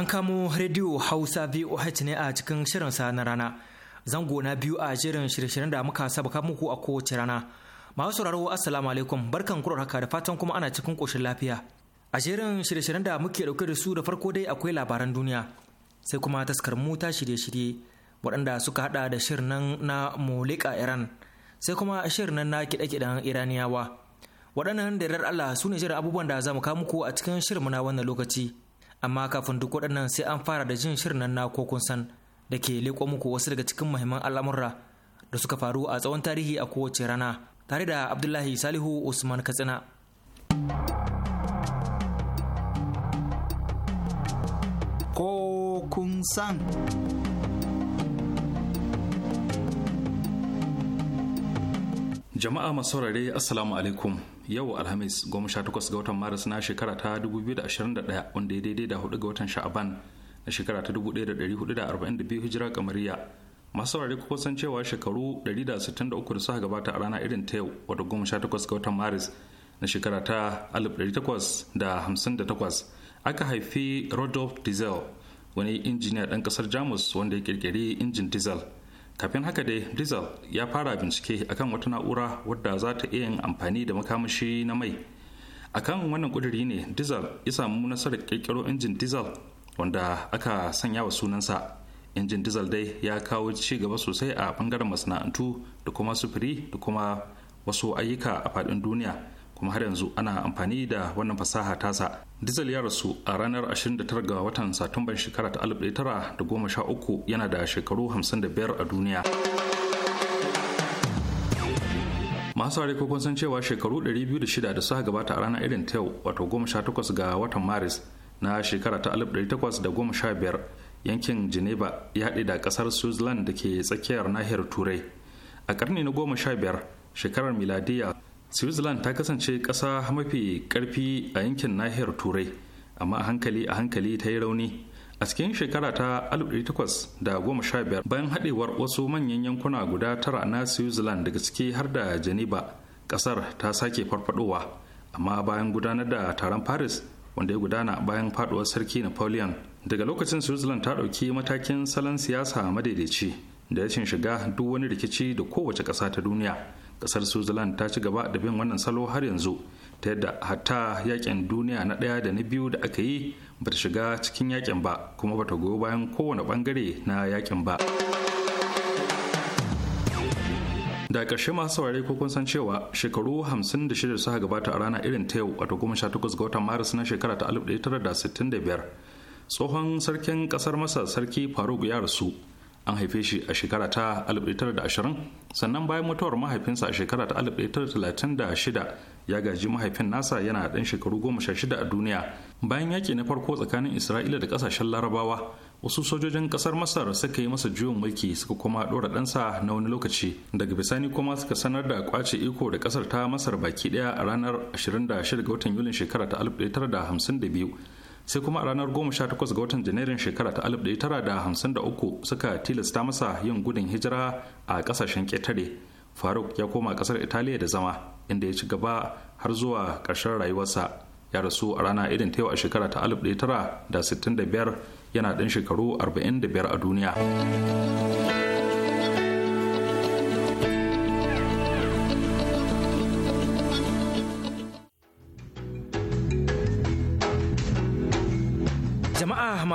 An kamo rediyo Hausa VOH ne a cikin shirin sa na rana. Zango na biyu a jerin shirye-shiryen da muka sabaka muku a kowace rana. Masu sauraro Assalamu alaikum barkan kurar haka da fatan kuma ana cikin koshin lafiya. A jerin shirye-shiryen da muke ɗauke da su da farko dai akwai labaran duniya sai kuma taskar mu ta shirye-shirye waɗanda suka haɗa da shirin na Molika Iran sai kuma shirin nan na kiɗe-kiɗen Iraniyawa. Waɗannan da Allah su ne jiran abubuwan da za mu kawo muku a cikin shirin na wannan lokaci. amma kafin duk waɗannan sai an fara da jin shirin nan na ko kun san da ke leƙo muku wasu daga cikin muhimman al'amura da suka faru a tsawon tarihi a kowace rana tare da abdullahi salihu usman katsina ko kun san jama'a masu saurare assalamu alaikum yau alhamis sha takwas ga watan maris na shekara ta 2021 wanda ya daidai da hudu ga watan sha'aban na shekara ta 1442 hijira kamariya masu saurare kuka san cewa shekaru 163 da suka gabata a rana irin ta yau wato takwas ga watan maris na shekara ta 1858 aka haifi rodolf diesel wani injiniya ɗan ƙasar jamus wanda ya ƙirƙiri injin diesel kafin haka dai diesel ya fara bincike akan wata na'ura wadda za ta iya yin amfani da makamashi na mai akan wannan kuduri ne diesel ya samu nasarar kirkiro injin diesel wanda aka sanya wa sunansa injin diesel dai ya kawo ci gaba sosai a bangaren masana'antu da kuma sufuri da kuma wasu ayyuka a faɗin duniya kuma har yanzu ana amfani da wannan fasaha tasa diesel ya rasu a ranar 29 ga watan satumban shekara ta 1913 yana da shekaru 55 a duniya masu ko kun san cewa shekaru 206 da suka gabata a ranar irin ta yau wato 18 ga watan maris na shekara ta 1815 yankin geneva ya haɗe da ƙasar switzerland da ke tsakiyar nahiyar turai a ƙarni na 15 shekarar miladiya switzerland ta kasance ƙasa mafi ƙarfi a yankin nahiyar turai amma a hankali a hankali ta yi rauni a cikin shekara ta 1815 bayan haɗewar wasu manyan yankuna guda tara na switzerland daga ciki har da geneva ƙasar ta sake farfadowa amma bayan gudanar da taron paris wanda ya gudana bayan faduwar sarki napoleon daga lokacin switzerland ta ɗauki matakin salon siyasa madaidaici da rashin shiga duk wani rikici da kowace ƙasa ta duniya kasar switzerland ta ci gaba da bin wannan salo har yanzu ta yadda hatta yakin duniya na ɗaya da na biyu da aka yi bata shiga cikin yakin ba kuma bata goyo bayan kowane bangare na yakin ba da ƙarshe masu saurari ko kun san cewa shekaru 56 suka gabata a rana irin ta yau wato 18 ga watan maris na shekara ta 1965 tsohon sarkin kasar masar sarki faruk ya rasu an haife shi a shekara ta 1920 sannan bayan mutuwar mahaifinsa a shekara ta 1936 ya gaji mahaifin nasa yana dan shekaru 16 a duniya bayan yaki na farko tsakanin isra'ila da kasashen larabawa wasu sojojin ƙasar masar suka yi masa juyin mulki suka kuma ɗora ɗansa na wani lokaci daga bisani kuma suka sanar da kwace iko da kasar ta masar baki ɗaya a ranar 26 ga watan yulin shekara ta 1952 sai kuma a ranar 18 ga watan janairun shekara ta 1953 suka tilasta masa yin gudun hijira a kasashen ketare faruk ya koma kasar italiya da zama inda ya ci gaba har zuwa ƙarshen rayuwarsa ya rasu a rana irin ta a shekara ta 1965 yana ɗan shekaru 45 a duniya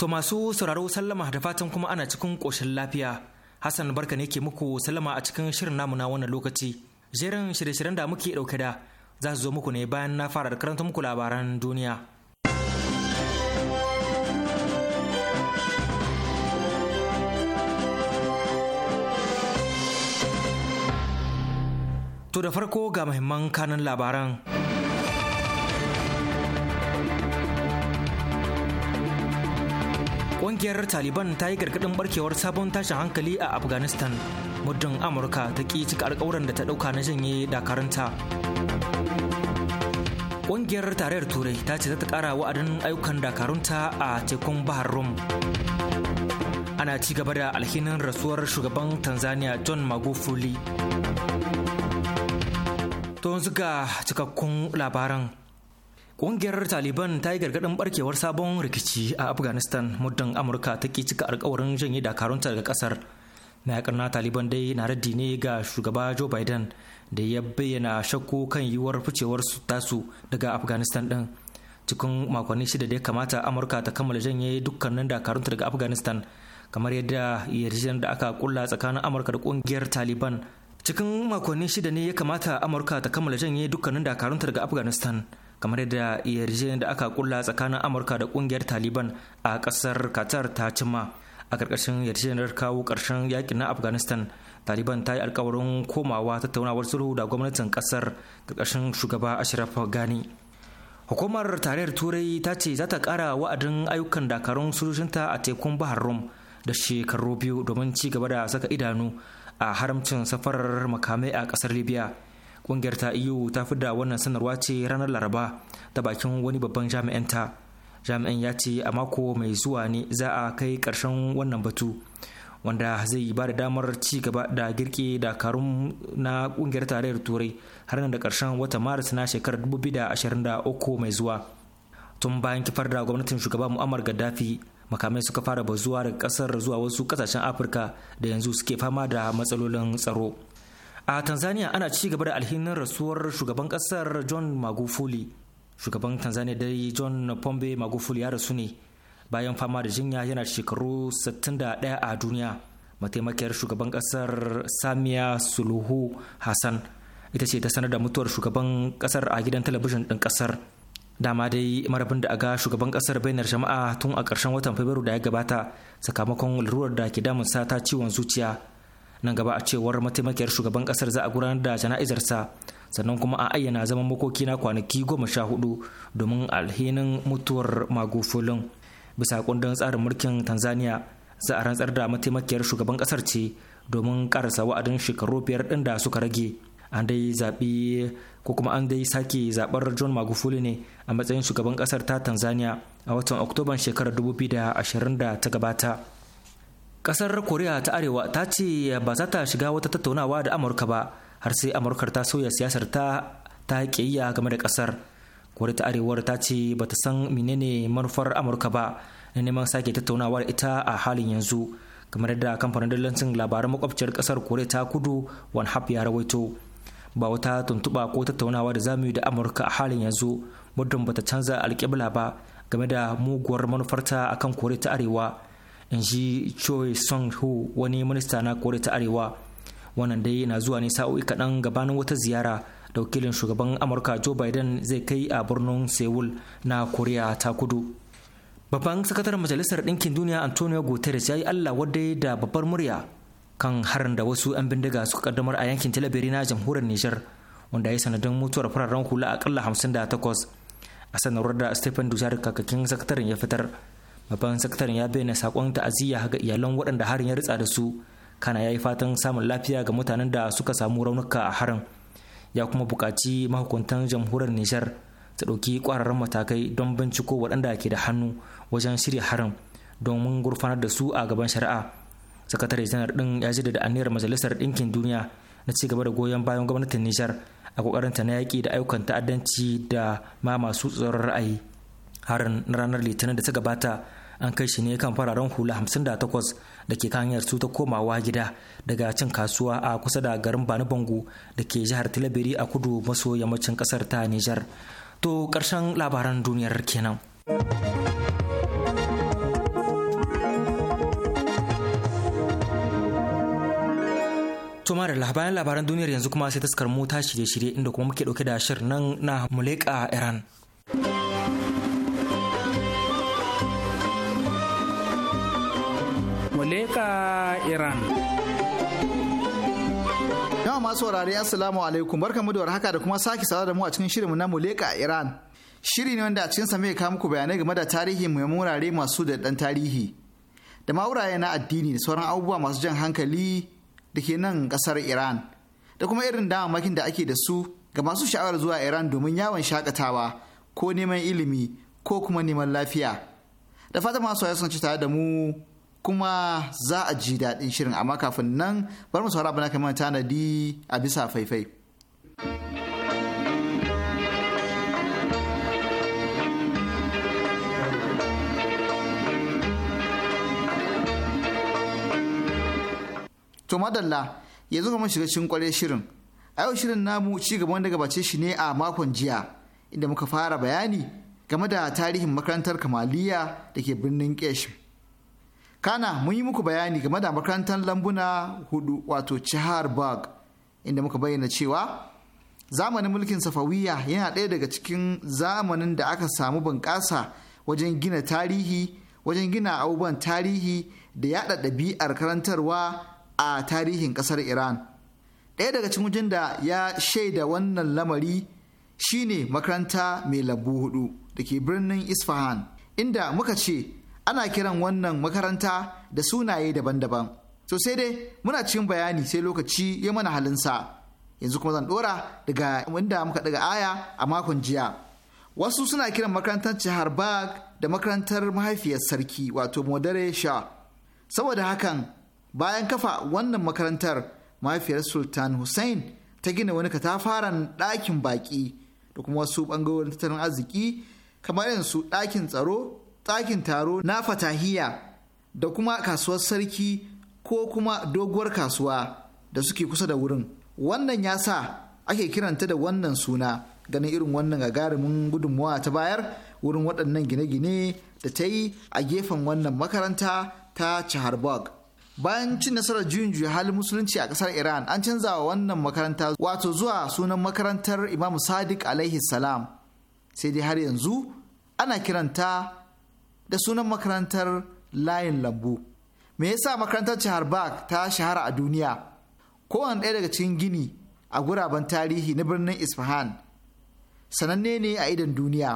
To masu sauraro sallama da fatan kuma ana cikin ƙoshin lafiya. Hassan barka ne ke muku sallama a cikin shirin namu na wannan lokaci. Jerin shirye-shiryen da muke ɗauke da za su zo muku ne bayan na fara da karanta muku labaran duniya. To da farko ga muhimman kanan labaran. Ƙungiyar Taliban ta yi gargaɗin barkewar sabon tashin hankali a Afghanistan muddin Amurka ta ƙi cika alƙawuran da ta ɗauka na janye dakaranta. Ƙungiyar tarayyar Turai ta ce za ta ƙara wa'adin ayyukan dakarunta a tekun Bahar Rum. Ana ci gaba da alhinin rasuwar shugaban Tanzania John Magufuli. yanzu ga cikakkun labaran Ƙungiyar Taliban ta yi gargadin barkewar sabon rikici a Afghanistan muddin Amurka ta ki cika alkawarin janye dakarunta daga ƙasar. Mayaƙar na Taliban dai na raddi ne ga shugaba Joe Biden da ya bayyana shakku kan yiwuwar ficewar su tasu daga Afghanistan din. Cikin makonni shida da ya kamata Amurka ta kammala janye dukkanin dakarunta daga Afghanistan kamar yadda yarjejen da aka kula tsakanin Amurka da ƙungiyar Taliban. Cikin makonni shida ne ya kamata Amurka ta kammala janye dukkanin dakarunta daga Afghanistan. kamar da yarjejeniyar da aka kulla tsakanin amurka da kungiyar taliban a kasar qatar ta cima a karkashin yarjejeniyar kawo karshen yakin na afghanistan taliban ta yi alkawarin komawa tattaunawar sulhu da gwamnatin kasar karkashin shugaba ashraf ghani hukumar tarayyar turai ta ce za ta kara wa'adin ayyukan dakarun sojojinta a tekun bahar rum da shekaru biyu domin ci gaba da saka idanu a haramcin safarar makamai a kasar libya Ƙungiyar ta iyo e ta fi da wannan sanarwa ce ranar Laraba ta bakin wani babban jami'an ta. jami'an ya ce a mako mai zuwa ne za a kai karshen wannan batu wanda zai ba da damar ci gaba da girke dakarun na ƙungiyar tarayyar turai har nan da karshen wata maris na shekarar 2023 mai zuwa. Tun bayan kifar da gwamnatin shugaba Muammar Gaddafi makamai suka fara bazuwa daga kasar zuwa wasu kasashen afirka da yanzu suke fama da matsalolin tsaro a tanzania ana ci gaba da alhinin rasuwar shugaban kasar john magufuli shugaban tanzania dai john pombe magufuli ya rasu ne bayan fama da jinya yana shekaru 61 a duniya mataimakiyar shugaban kasar Samia suluhu hassan ita ce ta sanar da mutuwar shugaban kasar a gidan talabijin ɗin kasar dama dai marabin da aga shugaban kasar bainar jama'a tun a ƙarshen watan fabrairu da ya gabata sakamakon lalurar da ke damun sata ciwon zuciya nan gaba a cewar mataimakiyar shugaban kasar za a gudanar da jana'izarsa sannan kuma a ayyana zaman makoki na kwanaki goma sha hudu domin alhinin mutuwar magufulin bisa kundin tsarin mulkin tanzania za a rantsar da mataimakiyar shugaban kasar ce domin karasa wa'adin shekaru biyar din da suka rage an dai zaɓi ko kuma an dai sake zaɓar john magufuli ne a matsayin shugaban kasar ta tanzania a watan oktoban shekarar 2020 da ta gabata kasar koriya ta arewa ta ce ba za ta shiga wata tattaunawa da amurka ba har sai amurkar ta soya siyasar ta ta kiyayya game da kasar koriya ta arewar ta ce ba ta san menene manufar amurka ba na neman sake tattaunawa da ita a halin yanzu kamar da kamfanin dalilancin labaran makwabciyar kasar koriya ta kudu one hap ya rawaito ba wata tuntuɓa ko tattaunawa da zamu yi da amurka a halin yanzu muddin ba ta canza alƙibla ba game da muguwar manufarta akan koriya ta arewa in ji choi song hu wani minista na kore ta arewa wannan dai na zuwa ne sa'o'i kaɗan gabanin wata ziyara da wakilin shugaban amurka joe biden zai kai a birnin seoul na korea ta kudu babban sakataren majalisar ɗinkin duniya antonio guterres ya yi allah wadda da babbar murya kan harin da wasu 'yan bindiga suka kaddamar a yankin talabiri na jamhuriyar nijar wanda ya yi sanadin mutuwar fararen hula akalla takwas a sanarwar da stephen dujar kakakin sakataren ya fitar babban sakataren ya bayyana sakon ta'aziyya ga iyalan waɗanda harin ya ritsa da su kana ya yi fatan samun lafiya ga mutanen da suka samu raunuka a harin ya kuma buƙaci mahukuntan jamhuriyar nijar ta ɗauki ƙwararren matakai don binciko waɗanda ke da hannu wajen shirya harin domin gurfanar da su a gaban shari'a sakatare janar ɗin ya da aniyar majalisar ɗinkin duniya na ci gaba da goyon bayan gwamnatin nijar a ta na yaƙi da ayyukan ta'addanci da ma masu tsoron ra'ayi harin ranar litinin da ta gabata an kai shi ne kan fararen hula 58 da ke kan hanyar su ta komawa gida daga cin kasuwa a kusa da garin bani bango da ke jihar tilabiri a kudu maso yammacin kasar ta nijar to karshen labaran duniyar kenan kuma da labaran labaran duniyar yanzu kuma sai taskar mu ta shirye-shirye inda kuma muke dauke da shirin nan na Muleka Iran. muleka iran Yawan masu wurare assalamu alaikum barkamu da warhaka da kuma sake sawa da mu a cikin shirinmu na muleka iran shiri ne wanda a cikin ya kawo muku bayanai game da tarihi mai wurare masu da ɗan tarihi da ma na addini da sauran abubuwa masu jan hankali da ke nan kasar iran da kuma irin damamakin da ake da su ga masu sha'awar zuwa iran domin yawon shakatawa ko neman ilimi ko kuma neman lafiya da fata masu sun ci tare da mu kuma za a ji daɗin shirin amma kafin nan bar mu saurara bana kamar tanadi a bisa faifai. To madalla yanzu kuma shiga cikin kwarai shirin. A yau shirin namu ci gaban wanda gabace shi ne a makon jiya inda muka fara bayani game da tarihin makarantar Kamaliya da ke birnin Kesh. kana mun yi muku bayani game da makarantar lambuna hudu wato cihar bag inda muka bayyana cewa zamanin mulkin safawiya yana ɗaya daga cikin zamanin da aka samu bunƙasa wajen gina tarihi wajen gina abubuwan tarihi da yaɗa ɗabi'ar karantarwa a tarihin ƙasar iran ɗaya daga cikin wajen da ya shaida wannan lamari shine makaranta mai lambu hudu da ke birnin isfahan inda muka ce ana kiran wannan makaranta da sunaye daban-daban to sai dai muna cikin bayani sai lokaci ya mana halinsa yanzu kuma zan ɗora daga inda muka daga aya a makon jiya wasu suna kiran makarantar chaharbag da makarantar mahaifiyar sarki wato modare sha saboda hakan bayan kafa wannan makarantar mahaifiyar sultan hussein ta gina wani katafaren ɗakin baƙi da kuma wasu ɓangarorin tattalin arziki kamar yanzu ɗakin tsaro ɗakin taro na fatahiya da kuma kasuwar sarki ko kuma doguwar kasuwa da suke kusa da wurin wannan ya sa ake kiranta da wannan suna ganin irin wannan gagarumin gudunmawa ta bayar wurin waɗannan gine-gine da ta yi a gefen wannan makaranta ta chaharbog bayan cin nasarar juyin juya halin musulunci a ƙasar iran an canza wa wannan makaranta wato zuwa sunan makarantar imam sadiq alaihi salam sai dai har yanzu ana kiranta da sunan makarantar layin lambu me yasa makarantar chaharbagh ta shahara a duniya kowane ɗaya daga cikin gini a guraben tarihi na birnin isfahan sananne ne a idan duniya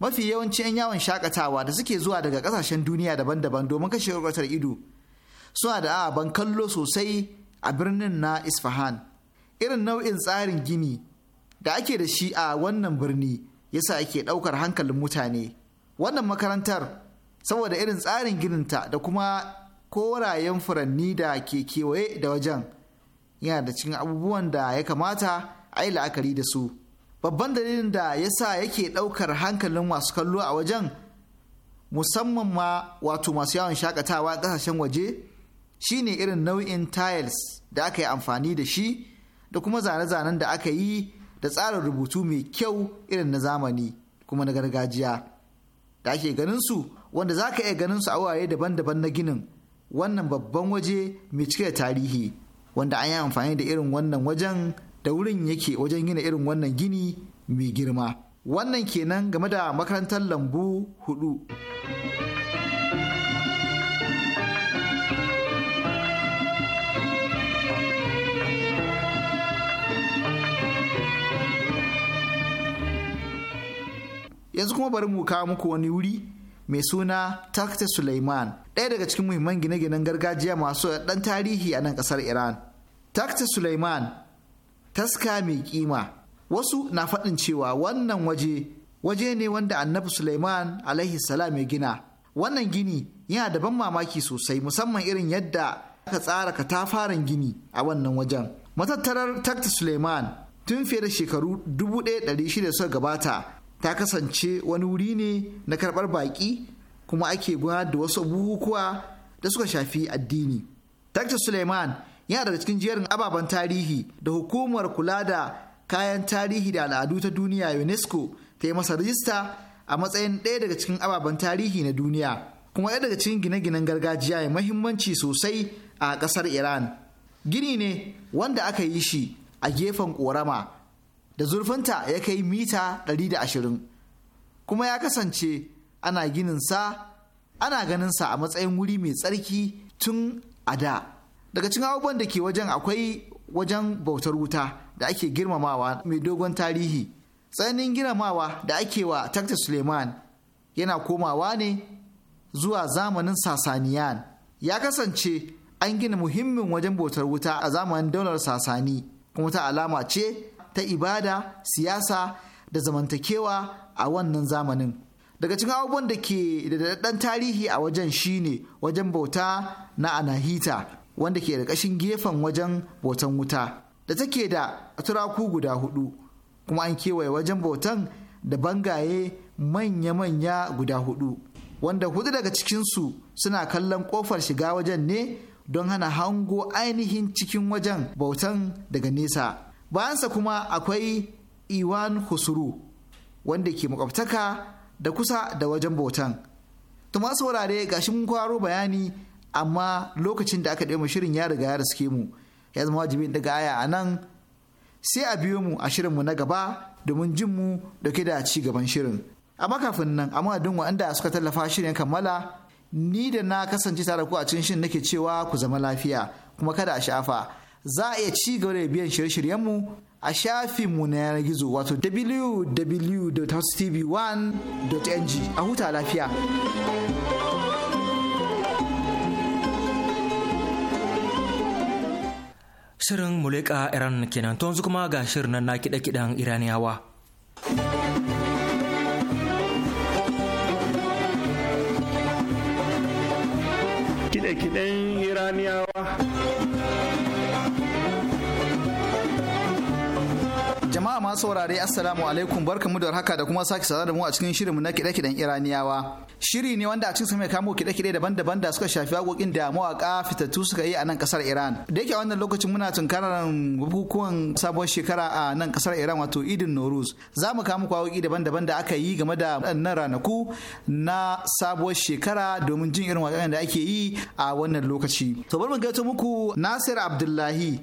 mafi yawanci 'yan yawon shakatawa da suke zuwa daga ƙasashen duniya daban-daban domin kashe ƙwarƙwatar ido suna da ban kallo sosai a birnin na isfahan irin nau'in tsarin gini da ake da shi a wannan birni yasa ake ɗaukar hankalin mutane wannan makarantar saboda irin tsarin gininta da kuma korayen furanni da ke kewaye da wajen yana da cikin abubuwan da ya kamata a yi la'akari da su babban dalilin da ya sa yake ɗaukar hankalin masu kallo a wajen musamman ma wato masu yawon shakatawa ƙasashen waje shine irin nau'in tiles da aka yi amfani da shi da kuma zane-zanen da aka yi da tsarin rubutu mai kyau irin na zamani kuma na gargajiya. da ake ganin su wanda za ka iya ganin su a wurare daban-daban na ginin wannan babban waje mai cike da tarihi wanda an yi amfani da irin wannan wajen da wurin yake wajen gina irin wannan gini mai girma wannan kenan game da makarantar lambu hudu. yanzu kuma bari mu kawo muku wani wuri mai suna takta suleiman ɗaya daga cikin muhimman gine-ginen gargajiya masu ɗan tarihi a nan ƙasar iran takta suleiman taska mai kima wasu na faɗin cewa wannan waje waje ne wanda annabi suleiman alaihi salam ya gina wannan gini yana da ban mamaki sosai musamman irin yadda aka tsara katafaren gini a wannan wajen matattarar takta suleiman tun fiye da shekaru 1600 suka gabata ta kasance wani wuri ne na karɓar baƙi kuma ake gudanar da wasu bukukuwa da suka shafi addini. Dr. Suleiman yana daga cikin jerin ababen tarihi da hukumar kula da kayan tarihi da al'adu ta duniya UNESCO ta yi masa rajista a matsayin ɗaya daga cikin ababen tarihi na duniya kuma ɗaya daga cikin gine-ginen gargajiya mai mahimmanci sosai a ƙasar Iran. Gini ne wanda aka yi shi a gefen ƙorama da zurfinta ya kai mita 120 kuma ya kasance ana gininsa ana ganinsa a matsayin wuri mai tsarki tun a da daga cikin abubuwan da ke wajen akwai wajen bautar wuta da ake girmamawa mai dogon tarihi tsananin girmamawa da ake wa takta suleiman yana komawa ne zuwa zamanin sasaniyan ya kasance an gina muhimmin wajen bautar wuta a zamanin daular sasani kuma ta alama ce ta ibada siyasa da zamantakewa a wannan zamanin daga cikin abubuwan da ke da daɗaɗɗen tarihi a wajen shine wajen bauta na anahita wanda ke ƙarƙashin gefen wajen bautan wuta da take da turaku guda hudu kuma an kewaye wajen bautan da bangaye manya-manya guda hudu wanda hudu daga cikinsu suna kallon ƙofar shiga wajen ne don hana hango ainihin cikin wajen bautan daga nesa bayansa kuma akwai iwan husuru wanda ke makwabtaka da kusa da wajen bautan to masu wurare gashi mun kwaro bayani amma lokacin da aka ɗaya shirin ya riga ya riske mu ya zama wajibi daga aya a nan sai a biyo mu a shirin mu na gaba domin jin mu da ke da ci gaban shirin amma kafin nan amma duk wanda suka tallafa shirin kammala ni da na kasance tare ku a cikin shirin nake cewa ku zama lafiya kuma kada a shafa. za a iya ci gaba da biyan shirye-shiryenmu a shafinmu na yanar gizo wato www.tv1.ng a huta lafiya. Shirin Muleka Iran kenan to yanzu kuma ga shirin nan na kiɗe-kiɗen Iraniyawa. Kiɗe-kiɗen Iraniyawa. jama'a masu saurare assalamu alaikum barkamu da haka da kuma sake sada da mu a cikin shirinmu na kiɗe-kiɗen iraniyawa shiri ne wanda a cikin mai kamo kiɗe-kiɗe daban-daban da suka shafi haƙoƙin da mawaka fitattu suka yi a nan kasar iran da yake a wannan lokacin muna tunkarar bukukuwan sabuwar shekara a nan kasar iran wato idin noruz za mu kamo haƙoƙi daban-daban da aka yi game da waɗannan ranaku na sabuwar shekara domin jin irin waƙoƙin da ake yi a wannan lokaci to bari mu gaito muku nasir abdullahi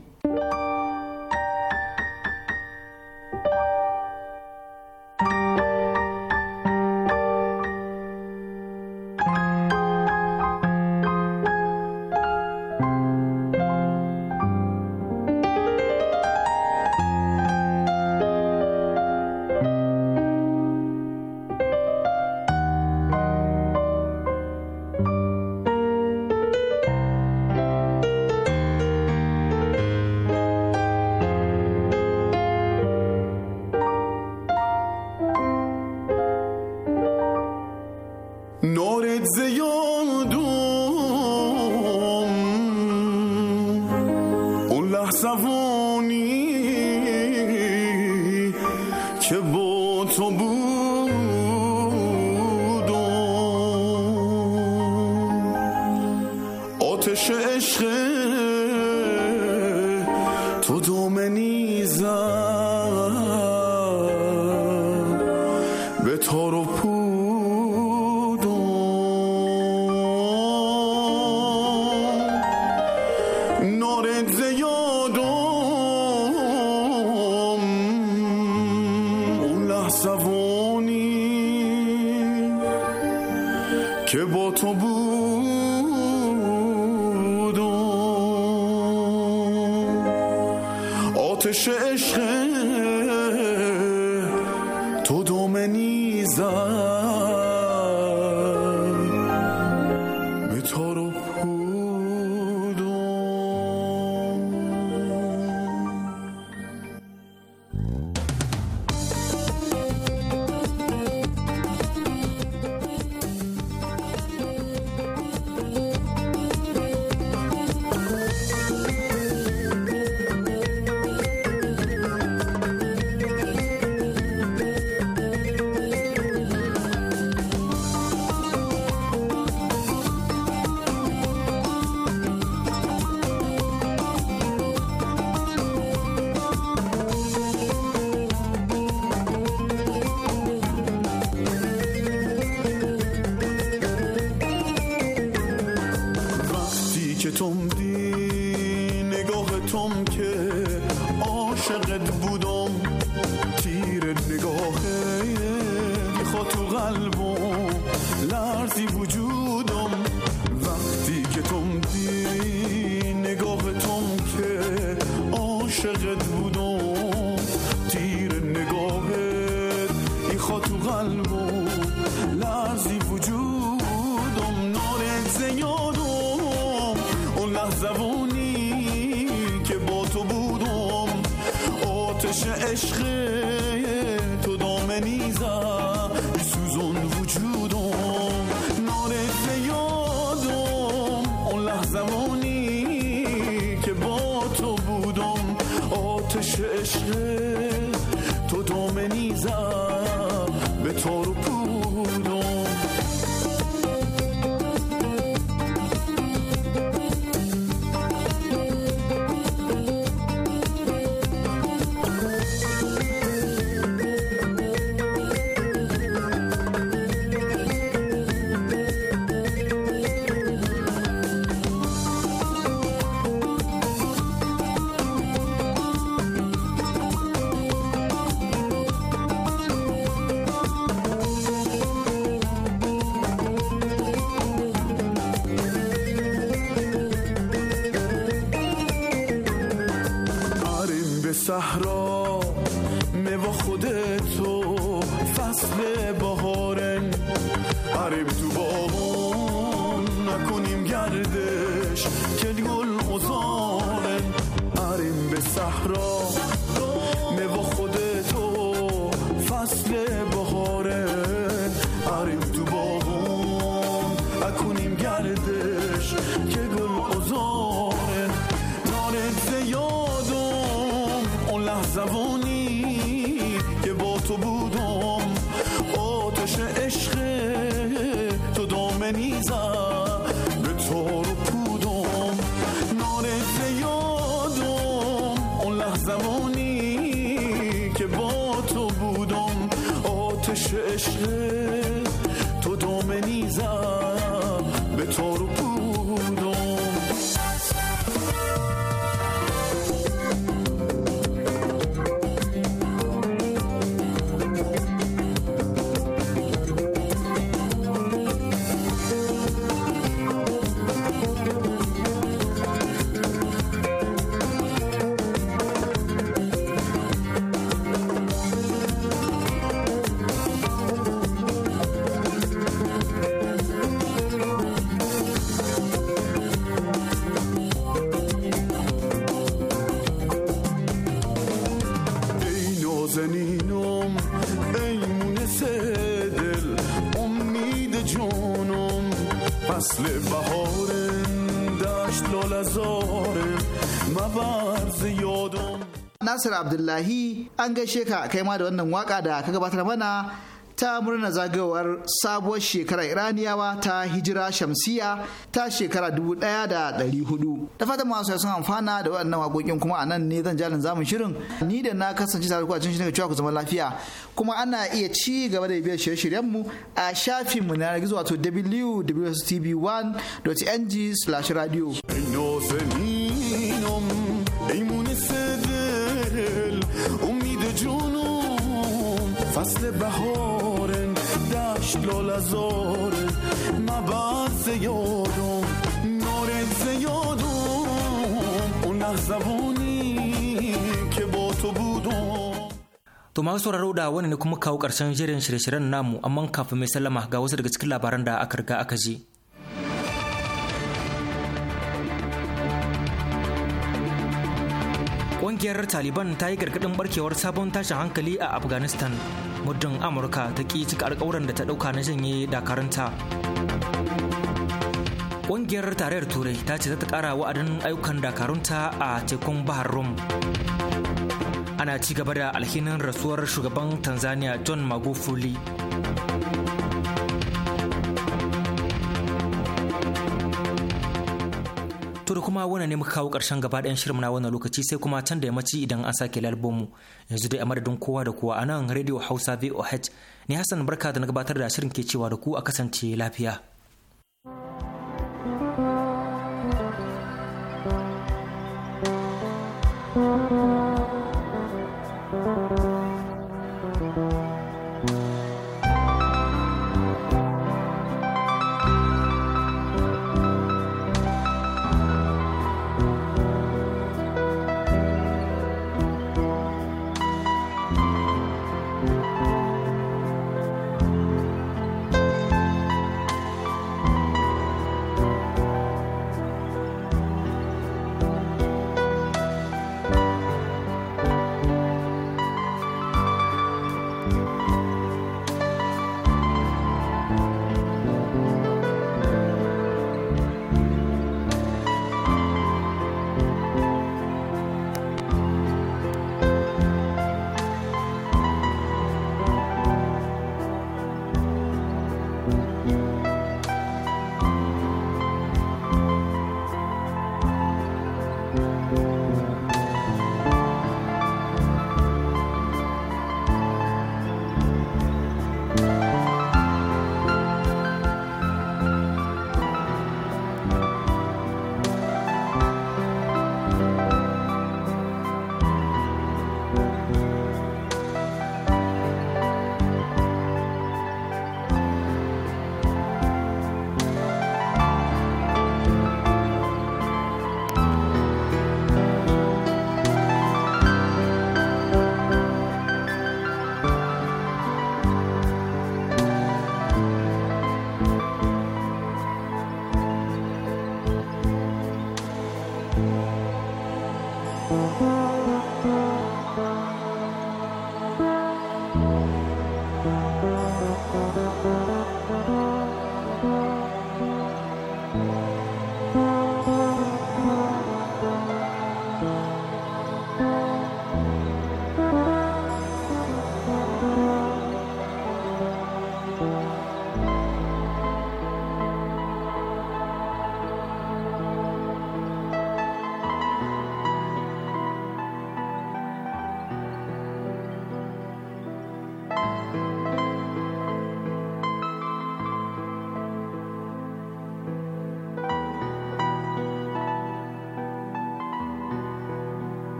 Tout tout Rock. gitmem izah زنینم ای مونس دل امید جونم فصل دشت لال مبرز یادم Nasir Abdullahi an gaishe ka kai ma da wannan waƙa da ka gabatar mana ta murna zagayowar sabuwar shekara iraniyawa ta hijira shamsiya ta shekara 1400 da fatan masu sun amfana da waɗannan waƙoƙin kuma anan ne zan jalin zamun shirin ni da na kasance tare kuwa cikin cewa ku zama lafiya kuma ana iya ci gaba da biyar shirye shiryen mu a shafinmu na gizo wato www.tv1.ng/radio فصل بهار لالا زاره مبعد زیادم زیادم اون که با تو بودم To masu sauraro da wani ne kuma kawo ƙarshen jerin shirye-shiryen namu amma kafin mai sallama ga wasu daga cikin labaran da aka riga aka ji. Ƙungiyar Taliban ta yi gargaɗin barkewar sabon tashin hankali a Afghanistan. muddin amurka ta ƙi cika alkawuran da ta ɗauka na janye dakaranta ƙungiyar tarayyar turai ta ce za ta ƙara wa'adin ayyukan dakarunta a tekun bahar rum ana ci gaba da alhinin rasuwar shugaban tanzania john magufuli To da kuma wannan ne muka kawo ƙarshen gaba ɗayan shirin na wannan lokaci sai kuma can da yammaci idan an sake lalbomu yanzu dai a madadin kowa da kowa a nan Radio Hausa VOH ne Hassan Barka da na gabatar da shirin ke cewa da ku a kasance lafiya.